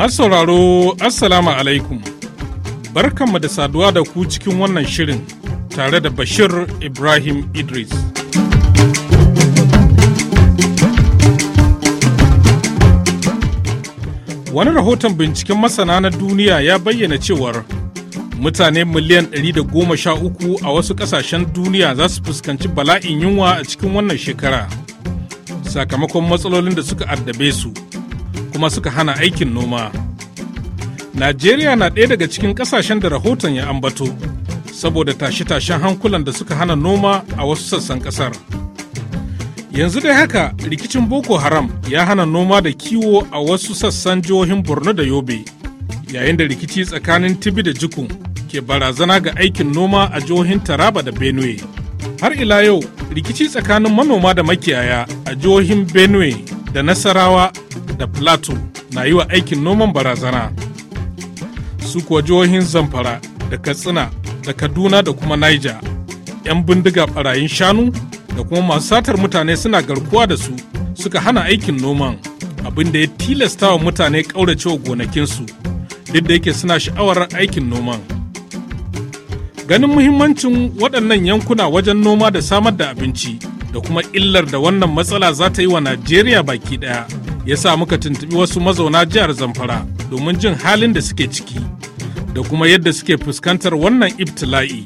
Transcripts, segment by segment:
Masu sauraro, Assalamu alaikum. Barkanmu da saduwa da ku cikin wannan shirin tare da Bashir Ibrahim Idris. Wani rahoton binciken masana na duniya ya bayyana cewar mutane miliyan 113 a wasu ƙasashen duniya za su fuskanci bala'in yunwa a cikin wannan shekara sakamakon matsalolin da suka addabe su. kuma suka hana aikin noma. Najeriya na ɗaya daga cikin ƙasashen da rahoton ya ambato saboda tashe-tashen hankulan da suka hana noma a wasu sassan ƙasar. Yanzu dai haka rikicin Boko Haram ya hana noma da kiwo a wasu sassan jihohin Borno da Yobe, yayin da rikici tsakanin Tibi da Jikun ke barazana ga aikin noma a jihohin Taraba da Benue. Har ila yau rikici tsakanin manoma da makiyaya a jihohin Benue da Nasarawa da Plateau na yi wa aikin noman barazana. Su kuwa jihohin Zamfara da Katsina da Kaduna da kuma Niger, 'yan bindiga barayin shanu da kuma masu satar mutane suna garkuwa da su suka hana aikin noman abin da ya tilasta wa mutane ƙauracewa gonakinsu duk da yake suna sha'awar aikin noman. Ganin muhimmancin waɗannan yankuna wajen noma da samar da abinci. da kuma illar da wannan matsala za ta yi wa Najeriya baki daya Ya sa muka tuntubi wasu mazauna jihar Zamfara domin jin halin da suke ciki da kuma yadda suke fuskantar wannan ibtila'i.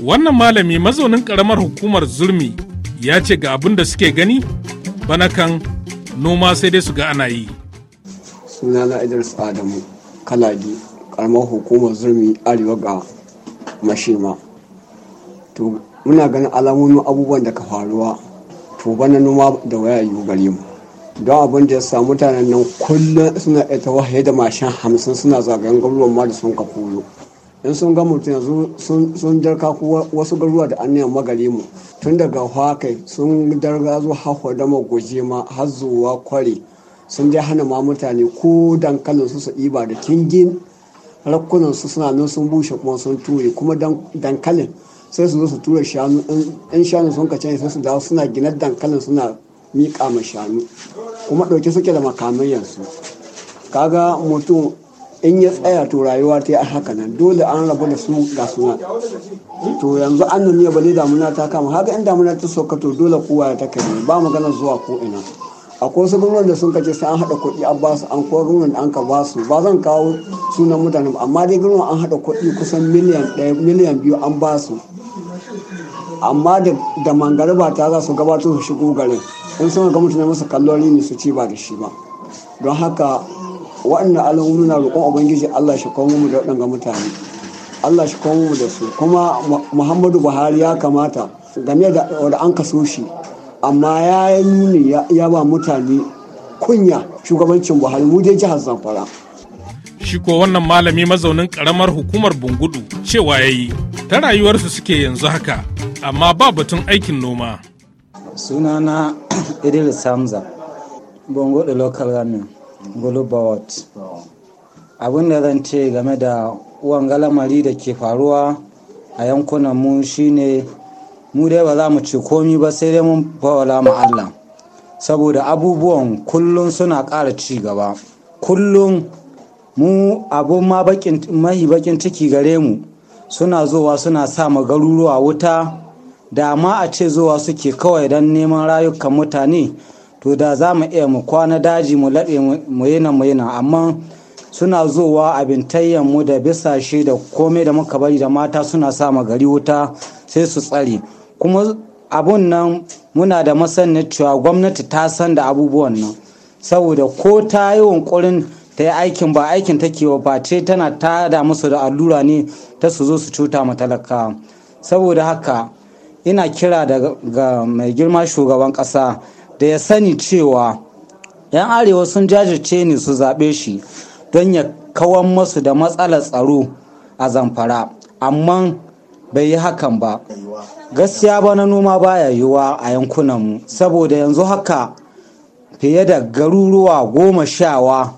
Wannan malami mazaunin karamar hukumar zurmi ya ce ga abin da suke gani bana kan noma sai dai su ga ana yi. Sunana Idris Adamu, Kalagi, ƙaramar hukumar zurmi Arewa ga Mashima. muna ganin alamomin abubuwan da ka faruwa to bana noma da waya yiwu gare mu don abin da ya sa mutanen nan kullum suna ita wahaye da mashin hamsin suna zagayen garuruwan ma da sun ka koyo in sun ga mutum yanzu sun jarka wasu garuruwa da an nema gare mu tun daga hwakai sun darga zo hakwa da magoje ma har zuwa kware sun je hana ma mutane ko dankalin su su iba da kingin rakkunan su suna nan sun bushe kuma sun ture kuma dankalin sai su zo su tura shanu ɗan shanu sun kace sai su dawo suna gina dankalin suna miƙa ma shanu kuma ɗauke suke da makamai yanzu kaga mutum in ya tsaya to rayuwa ta yi a haka nan dole an rabu da su ga suna to yanzu an nan ya bane damuna ta kama haka in damuna ta sauka to dole kowa ya ta kai ba magana zuwa ko ina akwai su gwamnan da sun kace sai an haɗa kuɗi an ba su an kuwa gwamnan da an ka ba su ba zan kawo sunan mutane ba amma dai gwamnan an haɗa kuɗi kusan miliyan ɗaya miliyan biyu an basu. amma da mangariba ta za su gabatar su shigo garin in sun ga mutane masa kallori ne su ci ba da shi ba don haka waɗannan alamomi na roƙon ubangiji allah shi komo mu da waɗanga mutane allah shi komo mu da su kuma muhammadu buhari ya kamata game da wanda an kaso shi amma ya yi nuni ya ba mutane kunya shugabancin buhari mu dai jihar zamfara shi ko wannan malami mazaunin karamar hukumar bungudu cewa ya yi ta rayuwarsu suke yanzu haka amma ba batun aikin noma. Sunana Idil Samza, Bongo da Local Government, Global Abin da zan ce game da uwan lamari da ke faruwa a yankunan mu shine mu dai ba za mu ci komi ba sai dai mun fawala mu Allah. Saboda abubuwan kullum suna ƙara ci gaba. Kullum mu abun ma mahi bakin ciki gare mu suna zowa suna sa garuruwa wuta da ma a ce zuwa suke kawai don neman rayukan mutane to da za mu iya mu kwana daji mu laɗe mu yi mu yi amma suna zuwa abin mu da bisa shi da komai da muka bari da mata suna sa gari wuta sai su tsare kuma abun nan muna da masanin cewa gwamnati ta san da abubuwan nan saboda ko ta yi wankurin ta yi aikin ba aikin take wa ce tana da musu da allura ne ta su zo su cuta matalaka saboda haka ina kira daga mai girma shugaban kasa da ya sani cewa 'yan arewa sun jajirce ni su zaɓe shi don ya kawan masu da matsalar tsaro a zamfara amma bai yi hakan ba gaskiya ba na noma baya yiwuwa a yankunanmu saboda yanzu haka fiye da garuruwa goma shawa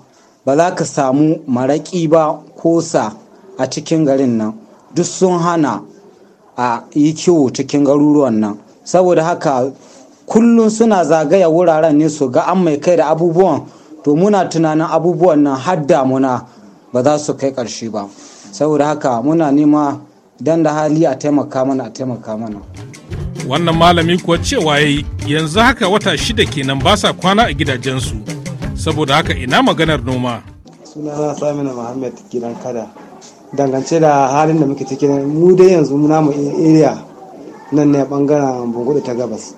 ba za ka samu maraƙi ba kosa a cikin garin nan duk sun hana a yi kiwo cikin garuruwan nan saboda haka kullum suna zagaya wuraren ne su ga an mai kai da abubuwan to muna tunanin abubuwan nan har damuna ba za su kai karshe ba saboda haka muna nema don da hali a taimaka mana a taimaka mana wannan malami kuwa cewa yayi yanzu haka wata shida kenan ba sa kwana a gidajensu saboda haka ina maganar noma sunana samina muhammad gidan kada dangance da halin da muke ciki mu da yanzu muna mu area nan ne bangaren bungudu ta gabas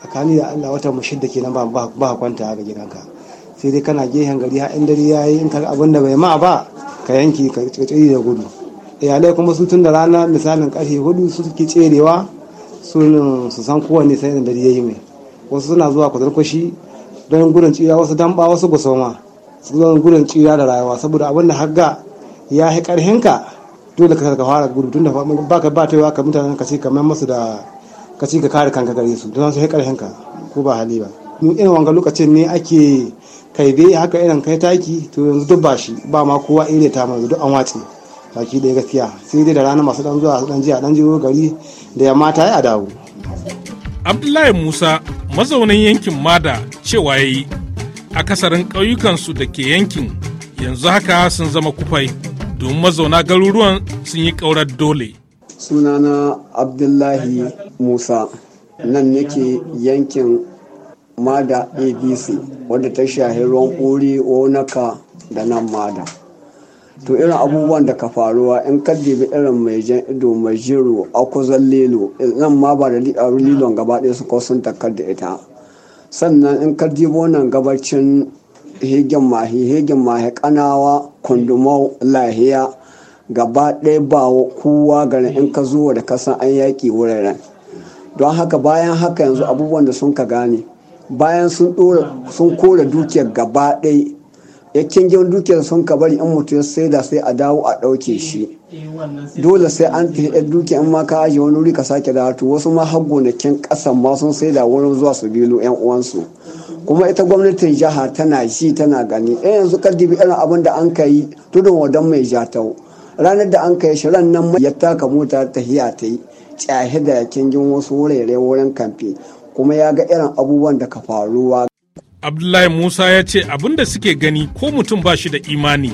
tsakani da Allah wata mu ke kenan ba ba kwanta ga gidanka sai dai kana gehen gari ha in dare yayi in kar abin da bai ma ba ka yanki ka tsiri da gudu iyalai kuma su tun da rana misalin karfe hudu su suke tserewa su su san kowanne sai da dare yayi mai wasu suna zuwa kwatarkwashi don gurin tsira wasu damba wasu gusoma su zuwa gurin tsira da rayuwa saboda abin da hagga ya yi karhinka dole ka ka fara gudu tunda ba ka ba yawa ka mutane ka ci kamar masu da ka ci ka kare kanka gare su don su yi karhinka ko ba hali ba mu irin wanga lokacin ne ake kai dai haka irin kai taki to yanzu duk ba shi ba ma kowa irin ta mu duk an wace taki ɗaya gaskiya sai dai da rana masu dan zuwa su dan jiya dan jiwo gari da yamma ta yi a dawo abdullahi musa mazaunin yankin mada cewa ya yi akasarin ƙauyukansu da ke yankin yanzu haka sun zama kufai domin mazauna garuruwan sun yi ƙaurar dole. Sunana Abdullahi Musa nan nake yankin Mada ABC wadda ta shahi ruwan ƙuri onaka da nan Mada. To irin abubuwan da ka faruwa in ka dibi irin mai jan ido mai jiro a kuzan lilo nan ma ba da lilon gaba ɗaya su sun takar da ita. Sannan in ka dibi wannan gabacin hegen mahi hegen mahi kanawa kundumau lahiya gaba ɗaya ba kowa garin in ka zuwa da kasan an yaƙi wuraren don haka bayan haka yanzu abubuwan da sun ka gane bayan sun kore dukiyar gaba ɗaya ya kingin dukiyar sun ka bari in mutu ya saida sai a dawo a ɗauke eh, shi eh, dole sai an fi ɗan dukiya in ma ka aje wani wuri ka sake da hatu wasu ma har gonakin ƙasan ma sun saida wurin zuwa su bilo yan uwansu kuma ita gwamnatin jiha tana ji tana gani ɗan eh, yanzu kaddibi irin abin da an ka yi tudun wadan mai jatau ranar da an kai shirin nan ya taka mota ta hiya ta yi tsaye da kingin wasu wurare wurin kamfe kuma ya ga irin abubuwan da ka faruwa Abdullahi Musa ya ce abin da suke gani ko mutum ba shi da imani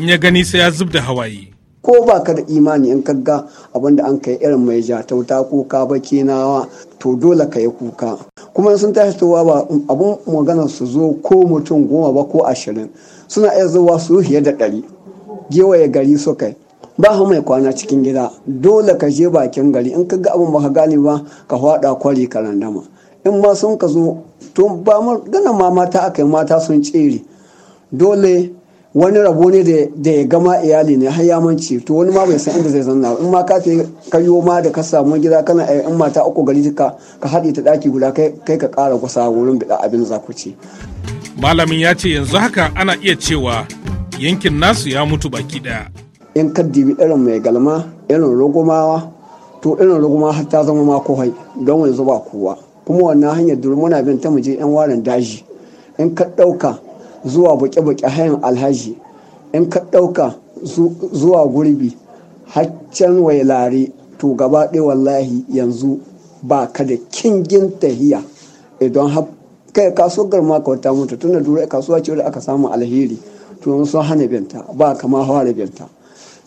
in ya gani sai ya zub da hawaye. Ko ba ka da imani in kagga abin da an kai irin mai ja tauta kuka ba kenawa to dole ka yi kuka. Kuma sun tashi towa ba abin magana su zo ko mutum goma ba ko ashirin suna iya zuwa su fiye da ɗari. Gewaye gari su kai. Ba mai kwana cikin gida dole ka je bakin gari in kagga abin ba ka gane ba ka faɗa kwari ka randama. in ma sun ka zo to ba gana ma mata aka yi mata sun tsere dole wani rabo ne da ya gama iyali ne har yamanci to wani ma bai san inda zai zanna in ma ka ka yi ma da ka samu gida kana eh, in mata uku gari ka ka haɗe ta ɗaki guda kai ka ƙara kusa wurin biɗa abin zakuci. malamin ya ce yanzu haka ana iya cewa yankin nasu ya mutu baki daya. in ka dibi irin mai galma irin rogomawa to irin rogomawa har ta zama ma kohai don yanzu ba kowa. kuma wannan hanyar duru muna bin ta muje yan warin daji in ka ɗauka zuwa buke-buke hayan alhaji in ka ɗauka zuwa gurbi haccan wailare to gaba ɗaya wallahi yanzu ba ka da kingin tahiya idan kai kasuwar garma ka wata mutu tun da dura kasuwa ce da aka samu alheri to sun hana binta ba kama fara binta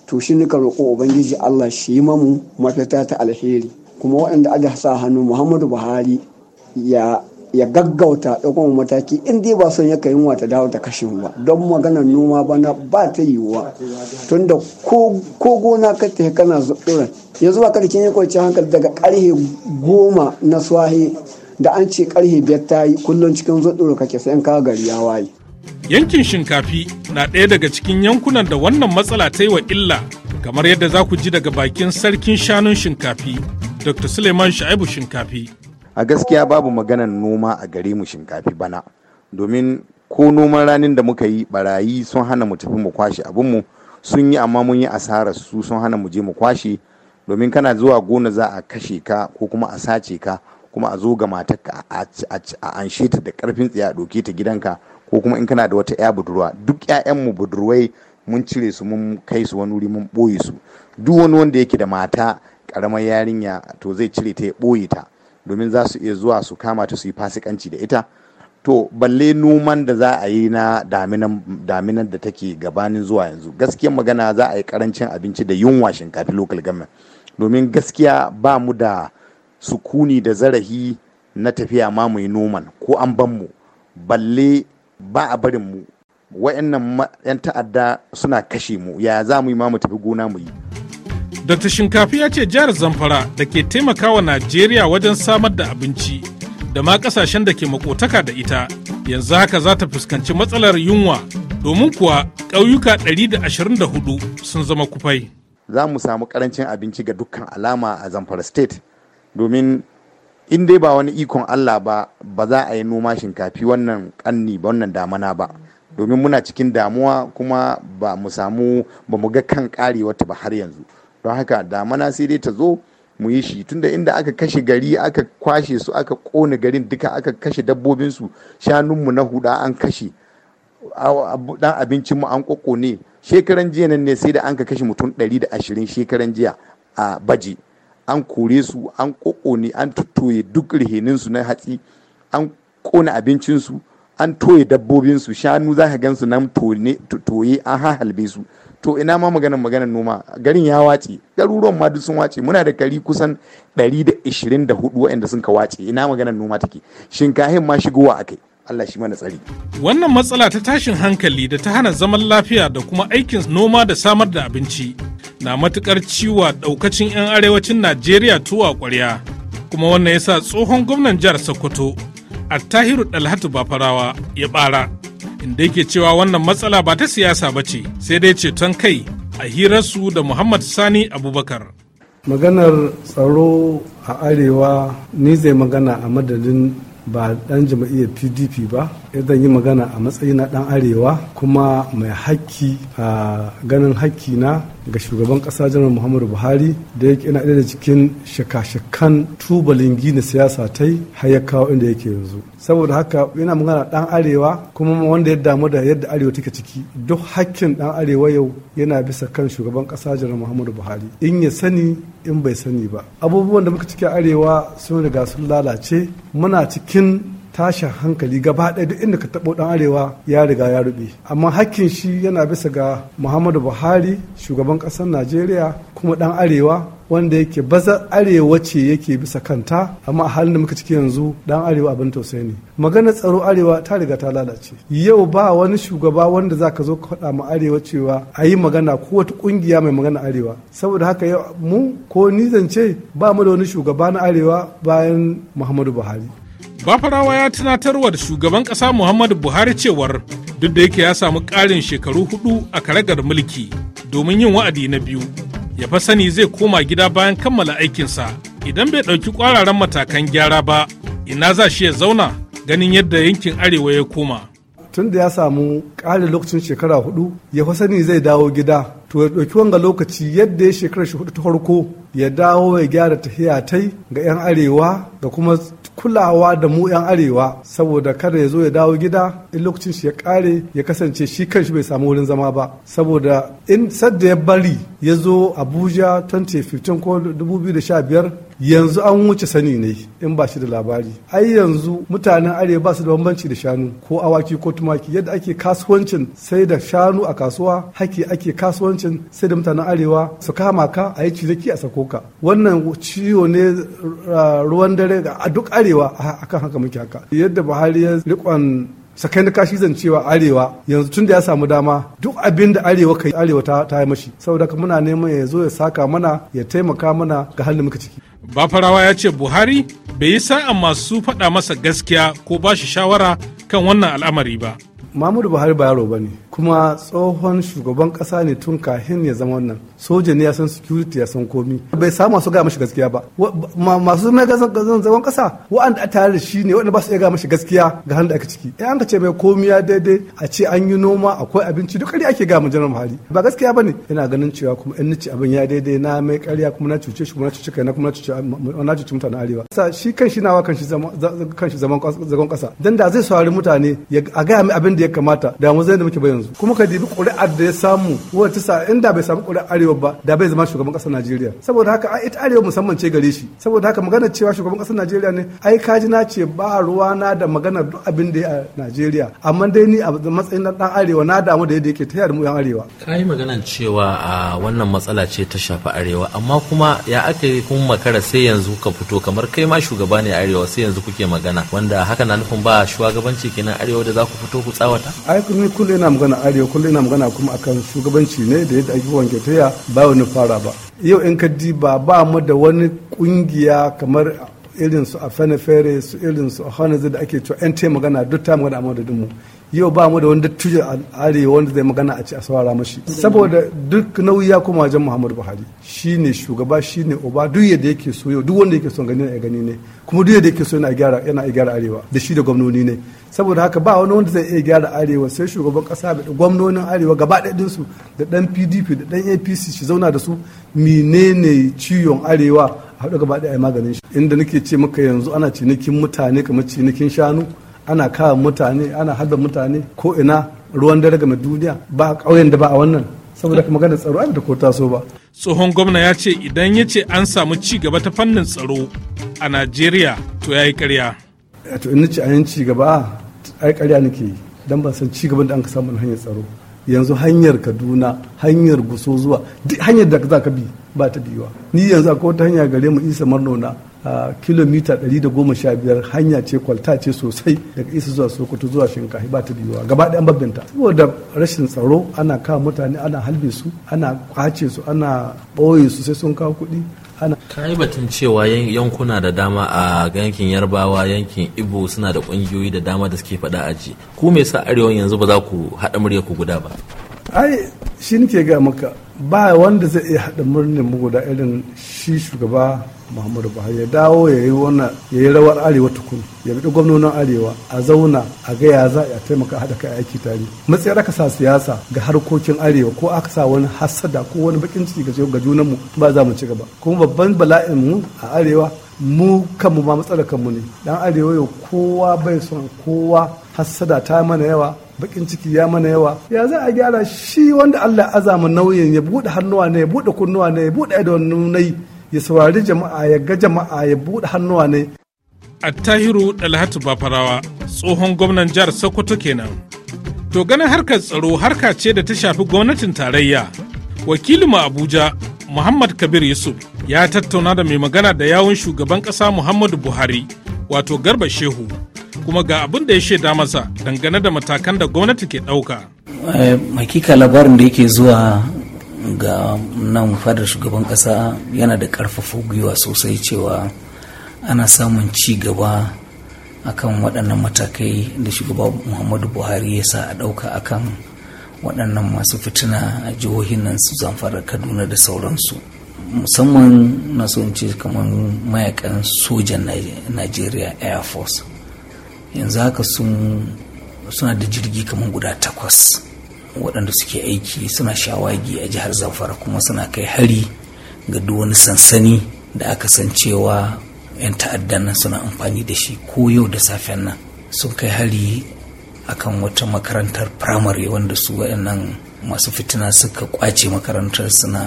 to shi ne ka roƙo ubangiji allah shi mamu mafita ta alheri kuma waɗanda aka sa hannu muhammadu buhari ya ya gaggauta ɗaukan mataki in dai ba son yaka yunwa ta dawo ta kashe ba don maganar noma bana ba ta yiwuwa tunda ko gona ka ta kana zuɗura yanzu ba kada kin yi kwanci hankali daga karhe goma na swahi da an ce karhe biyar ta yi kullum cikin zuɗura kake sai ka gari ya waye. yankin shinkafi na ɗaya daga cikin yankunan da wannan matsala ta yi wa illa kamar yadda za ku ji daga bakin sarkin shanun shinkafi dr suleiman sha'ibu shinkafi a gaskiya babu maganan noma a gare mu shinkafi bana domin ko noman ranin da muka yi barayi sun hana mu tafi mu kwashe abinmu sun yi amma mun yi asarar su sun hana mu je mu kwashe domin kana zuwa gona za a kashe ka ko kuma a sace ka kuma a zo ga matarka a anshe ta da karfin tsaye a doke ta gidanka ko kuma in kana da wata 'ya budurwa duk mu budurwai mun cire su mun kai su wani wuri mun ɓoye su duk wani wanda yake da mata karamar yarinya to zai cire ta ya ɓoye ta domin za su iya zuwa su kama ta su yi fasikanci da ita to balle noman da za a yi na daminan da take gabanin zuwa yanzu gaskiyar magana za a yi karancin abinci da yunwa shinkafi local government domin gaskiya ba mu da sukuni da zarahi na tafiya ma mu yi noman ko an ban mu balle ba a barin mu wa'annan 'yan ta'adda suna kashe mu yaya za mu yi ma mu tafi gona mu yi Dr. Shinkafi ya ce jihar Zamfara da ke taimakawa Najeriya wajen samar da abinci da ma kasashen da ke makotaka da ita yanzu haka za ta fuskanci matsalar yunwa domin kuwa ƙauyuka 124 sun zama kufai. Za mu samu karancin abinci ga dukkan alama a Zamfara State domin in dai ba wani ikon Allah ba ba za a yi noma shinkafi wannan kanni ba wannan damana ba domin muna cikin damuwa kuma ba mu samu ba mu ga kan ƙari wata ba har yanzu. don haka damana sai dai ta zo mu yi shi tunda inda aka kashe gari aka kwashe su aka kone garin duka aka kashe dabbobinsu shanunmu na huda an kashe dan abincinmu an ne shekaran jiya nan ne sai da an ka kashe mutum 120 shekaran jiya a baje an kore su an ne an tuttoye duk rihininsu na hatsi an kona abincinsu an toye dabbobinsu shanu za ka gansu nan toye an halbe su to ina ma maganar maganar noma garin ya wace garuruwan ma duk sun wace muna da gari kusan 124 waɗanda sun ka wace ina maganar noma take shinkahin ma shigowa akai Allah shi mana tsari. Wannan matsala ta tashin hankali da ta hana zaman lafiya da kuma aikin noma da samar da abinci na matukar ciwa daukacin 'yan arewacin Najeriya tuwa kwarya. Kuma wannan yasa tsohon gwamnan jihar Sokoto, Attahiru Dalhatu Bafarawa ya bara. inda yake cewa wannan matsala ba ta siyasa ba ce sai dai ceton kai a hirarsu da muhammad sani abubakar maganar tsaro a arewa ni zai magana a madadin ba dan jama'iyyar pdp ba zan yi magana a matsayi na dan arewa kuma mai haƙƙi a ganin haƙƙi na ga shugaban kasa janar muhammadu buhari da yake yana ɗaya da cikin shaka-shakan tubalin gina siyasa ta yi har ya kawo inda yake yanzu saboda haka yana magana ɗan arewa kuma wanda ya damu da yadda arewa take ciki duk hakkin ɗan arewa yau yana bisa kan shugaban kasa janar muhammadu buhari in ya sani in bai sani ba abubuwan da muka ciki arewa sun riga sun lalace muna cikin tashin hankali gaba ɗaya duk inda ka taɓo ɗan arewa ya riga ya ruɓe amma hakkin shi yana bisa ga muhammadu buhari shugaban ƙasar najeriya kuma ɗan arewa wanda yake bazar arewa ce yake bisa kanta amma a halin da muka ciki yanzu dan arewa abin tausayi ne maganar tsaro arewa ta riga ta lalace yau ba wani shugaba wanda za ka zo ka faɗa ma arewa cewa a yi magana ko wata ƙungiya mai magana arewa saboda haka yau mu ko ni zance ba mu da wani shugaba na arewa bayan muhammadu buhari Bafarawa ya tunatarwa da shugaban kasa Muhammadu Buhari cewar duk da yake ya samu ƙarin shekaru hudu a karagar mulki domin yin wa'adi na biyu. Ya fa sani zai koma gida bayan kammala aikinsa idan bai ɗauki ƙwararren matakan gyara ba ina za shi ya zauna ganin yadda yankin arewa ya koma. Tun da ya samu ƙarin lokacin shekara hudu ya fa sani zai dawo gida to ya ɗauki wanga lokaci yadda ya shekarar shi hudu ta farko ya dawo ya gyara tai ga 'yan arewa da kuma kulawa da mu 'yan arewa saboda kada ya zo ya dawo gida in lokacin shi ya kare ya kasance shi kanshi bai samu wurin zama ba saboda in sadda ya bari ya zo abuja 2015 ko 2015 yanzu an wuce sani ne in ba shi da labari ai yanzu mutanen arewa ba su da bambanci da shanu ko awaki ko tumaki yadda ake kasuwancin sai da shanu a kasuwa haki ake kasuwanci hukuncin sai da mutanen arewa su kama ka a yi cizaki a sako ka wannan ciwo ne uh, ruwan dare a duk arewa kan haka muke haka yadda buhari ya rikon sakai na kashi zan cewa arewa yanzu tun da ya samu dama duk abin da arewa kai arewa ta, ta yi mashi saboda ka muna neman ya zo ya saka mana ya taimaka mana ga halin muka ciki farawa ya ce buhari bai yi sa'a masu faɗa masa gaskiya ko ba shi shawara kan wannan al'amari ba Muhammadu Buhari ba yaro bane kuma tsohon shugaban kasa ne tun kahin ya zama wannan soja ne ya san security ya san komi bai samu masu gaya mashi gaskiya ba masu mai gazan zaman kasa wa'anda a tare da shi ne wanda ba su iya gaya mashi gaskiya ga hannun da aka ciki eh an ka ce mai komi ya daidai a ce an yi noma akwai abinci duk ƙarya ake gaya ma Buhari ba gaskiya bane ina ganin cewa kuma in nace abin ya daidai na mai ƙarya kuma na cuce shi kuma na cuce kai na kuma na cuce na cuce mutanen arewa sa shi kan shi nawa kan shi zaman kan shi zaman kasa dan da zai saurari mutane a gaya mai abin yadda ya kamata da mu zai da muke ba yanzu kuma ka dibi ƙuri'ar da ya samu wata sa inda bai samu ƙuri'ar arewa ba da bai zama shugaban ƙasar Najeriya saboda haka ita arewa musamman ce gare shi saboda haka magana cewa shugaban ƙasar Najeriya ne ai kaji na ce ba ruwa na da magana duk abin da ya a Najeriya amma dai ni a matsayin na dan arewa na damu da yadda yake tayar mu yan arewa kai magana cewa a wannan matsala ce ta shafa arewa amma kuma ya aka yi kuma makara sai yanzu ka fito kamar kai ma shugaba ne arewa sai yanzu kuke magana wanda haka na nufin ba shugabanci kenan arewa da za ku fito ku tsawa wata ai kuma kullum ina magana arewa kullum ina magana kuma akan shugabanci ne da yadda ake wanke tafiya ba wani fara ba yau in ka diba ba mu da wani kungiya kamar irin su a fenefere su irin su a da ake cewa yan magana duk ta magana a madadin mu yau ba mu da wani dattijo a arewa wanda zai magana a ci a saurara mashi saboda duk nauyi kuma wajen muhammadu buhari shine shugaba shine oba duk yadda yake so yau duk wanda yake son gani na gani ne kuma duk yadda yake so yana gyara yana gyara arewa da shi da gwamnoni ne saboda haka ba wani wanda zai iya gyara arewa sai shugaban kasa da gwamnonin arewa gaba ɗinsu da ɗan pdp da ɗan apc shi zauna da su menene ciwon arewa a haɗu gaba ɗaya maganin shi inda nake ce maka yanzu ana cinikin mutane kamar cinikin shanu ana kawo mutane ana hada mutane ko ina ruwan dare game duniya ba ƙauyen da ba a wannan saboda kuma maganar tsaro ai da ko taso ba tsohon gwamna ya ce idan ya ce an samu ci gaba ta fannin tsaro a najeriya to ya yi karya to in ci ayan ci gaba ai karya nake yi dan ban san ci gaban da an ka samu hanyar tsaro yanzu hanyar Kaduna hanyar Guso zuwa hanyar da za ka bi ba ta biyuwa ni yanzu akwai wata hanya gare mu Isa Marnona a kilomita 115 hanya ce kwalta ce sosai daga Isa zuwa Sokoto zuwa Shinkafi ba ta biyuwa gaba ɗaya babbinta saboda rashin tsaro ana kawo mutane ana halbe su ana kwace su ana ɓoye su sai sun kawo kuɗi hana ka yi batun cewa yankuna da dama a yankin yarbawa yankin ibo suna da kungiyoyi da dama da suke faɗa aji ku me sa arewa yanzu ba za ku haɗa murya ku guda ba ai shi nike ga maka ba wanda zai iya haɗa murnin mu guda irin shi shugaba muhammadu buhari ya dawo ya yi wannan ya yi rawar arewa tukun ya bi gwamnonin arewa a zauna a ga ya za a taimaka haɗa kai aiki tare matsayar aka sa siyasa ga harkokin arewa ko aka sa wani hasada ko wani bakin ciki ga junan mu ba za mu ci gaba kuma babban bala'in mu a arewa mu kanmu ma matsalar kanmu ne dan arewa yau kowa bai son kowa hassada ta mana yawa bakin ciki ya mana yawa ya za a gyara shi wanda Allah azama nauyin ya buɗe hannuwa ne ya bude kunnuwa ne ya bude da nunai ya saurari jama'a ya ga jama'a ya bude hannuwa ne attahiru dalhatu bafarawa tsohon gwamnan jihar sokoto kenan to ganin harkar tsaro harka ce da ta shafi gwamnatin tarayya mu abuja muhammad kabir yusuf ya tattauna da mai magana da yawun shugaban kasa muhammadu buhari wato garba shehu kuma ga abin da ya shaida masa dangane da matakan da gwamnati ke ɗauka. Eh, hakika labarin da yake zuwa ga nan fadar shugaban ƙasa yana da ƙarfafa gwiwa sosai cewa ana samun ci gaba akan waɗannan matakai da shugaba muhammadu buhari ya sa a ɗauka akan waɗannan masu fitina a jihohin nan su zamfara kaduna da sauransu musamman na ce kamar mayakan sojan najeriya air force yanzu haka sun suna da jirgi kamar guda takwas waɗanda suke aiki suna shawagi a jihar zamfara kuma suna kai hari ga duk wani sansani da aka san cewa 'yan ta'addan nan suna amfani da shi ko yau da safen nan sun kai hari akan wata makarantar firamare wanda su waɗannan masu fitina suka kwace makarantar suna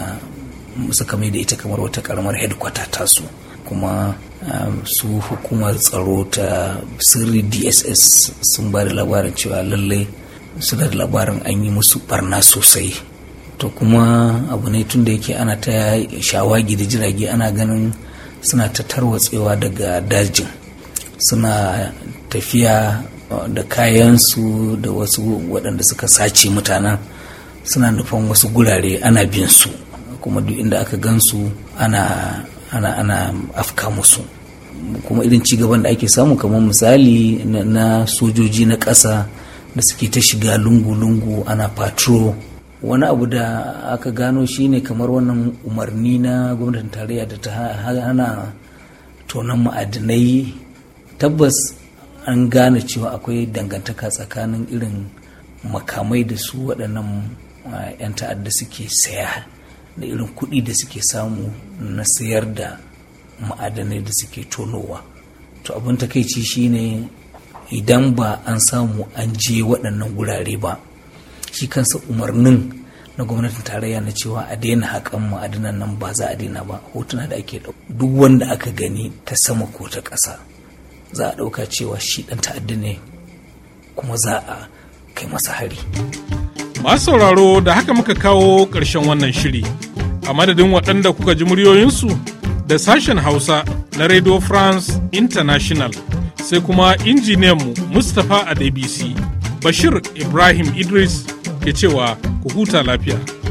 suka mai da ita kamar wata karamar hedkwata tasu kuma um, su hukumar tsaro ta sirri dss sun ba da labarin cewa lallai suna da labarin an yi musu barna sosai to kuma abu ne tun da yake ana ta shawagi da jirage ana ganin suna ta tarwatsewa daga dajin suna tafiya uh, da kayansu da wasu waɗanda suka sace mutanen suna nufan wasu gurare ana bin su kuma duk inda aka gansu ana ana ana afka musu kuma irin cigaban da ake samu kamar misali na sojoji na ƙasa da suke ta shiga lungu-lungu ana patro wani abu da aka gano shi ne kamar wannan umarni na gwamnatin tarayya da ta hana tonon ma'adinai tabbas an gane cewa akwai dangantaka tsakanin irin makamai da su waɗannan ah, 'yan ta'adda suke saya da irin kuɗi da suke samu na sayar da ma'adanai da suke tonowa to abin takaici shine idan ba an samu an je waɗannan gurare ba shi kansa umarnin na gwamnatin tarayya na cewa a daina haƙan ma'adanan nan ba za a daina ba hotuna da ake ɗauka duk wanda aka gani ta sama ko ta ƙasa za a ɗauka cewa shi ɗan ta'adda ne kuma za a kai masa hari. Masu sauraro da haka muka kawo ƙarshen wannan shiri, a madadin waɗanda kuka ji muryoyinsu da sashen Hausa na Radio France International sai kuma injiniyanmu Mustapha Adebisi, Bashir Ibrahim Idris ke cewa ku huta lafiya.